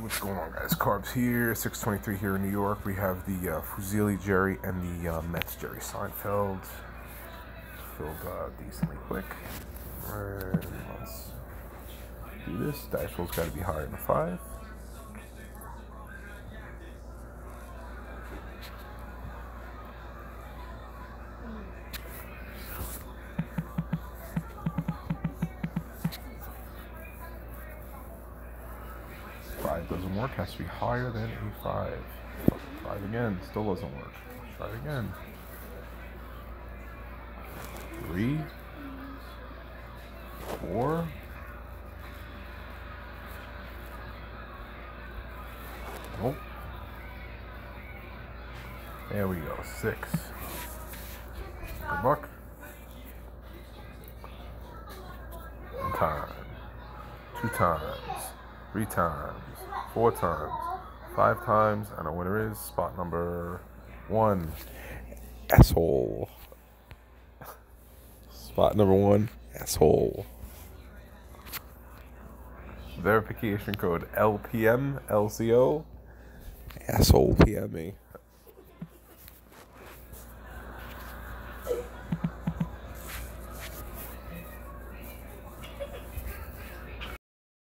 What's going on, guys? Carbs here, 623 here in New York. We have the uh, Fuzili Jerry and the uh, Mets Jerry Seinfeld. Filled uh, decently quick. And let's do this. Dice roll's got to be higher than 5. 5 doesn't work, has to be higher than a 5. 5 again, still doesn't work. try it again. 3, 4, Nope. There we go, six. Good luck. One time. Two times three times, four times, five times, and our winner is spot number one. Asshole. Spot number one, asshole. Verification code LPM LCO. Asshole me.